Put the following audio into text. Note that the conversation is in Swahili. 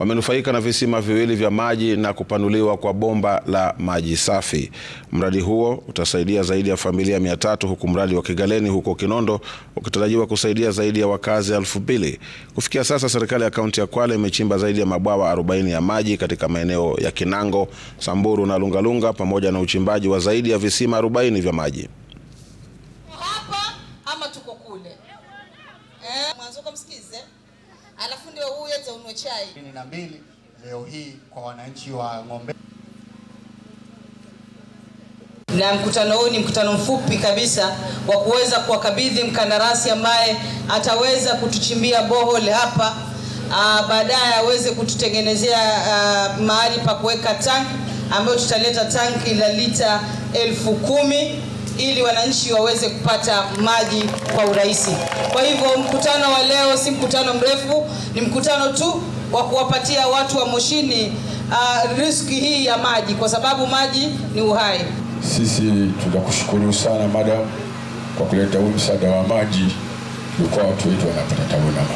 wamenufaika na visima viwili vya maji na kupanuliwa kwa bomba la maji safi. Mradi huo utasaidia zaidi ya familia mia tatu huku mradi wa Kigaleni huko Kinondo ukitarajiwa kusaidia zaidi ya wakazi elfu mbili. Kufikia sasa, serikali ya kaunti ya Kwale imechimba zaidi ya mabwawa 40 ya maji katika maeneo ya Kinango, Samburu na Lungalunga pamoja na uchimbaji wa zaidi ya visima 40 vya maji. Hapa ama tuko kule. Eh, mwanzo kumsikize alafu ndio huyo taunwa chai ishirini na mbili leo hii kwa wananchi wa Ng'ombe. Na mkutano huu ni mkutano mfupi kabisa wa kuweza kuwakabidhi mkandarasi ambaye ataweza kutuchimbia bohole hapa, ah, baadaye aweze kututengenezea ah, mahali pa kuweka tanki ambayo tutaleta tanki la lita elfu kumi ili wananchi waweze kupata maji kwa urahisi. Kwa hivyo mkutano wa leo si mkutano mrefu, ni mkutano tu wa kuwapatia watu wa Moshini uh, riski hii ya maji, kwa sababu maji ni uhai. Sisi tunakushukuru sana madam kwa kuleta huu msaada wa maji, tulikuwa watu wetu wanapata tabu na maji.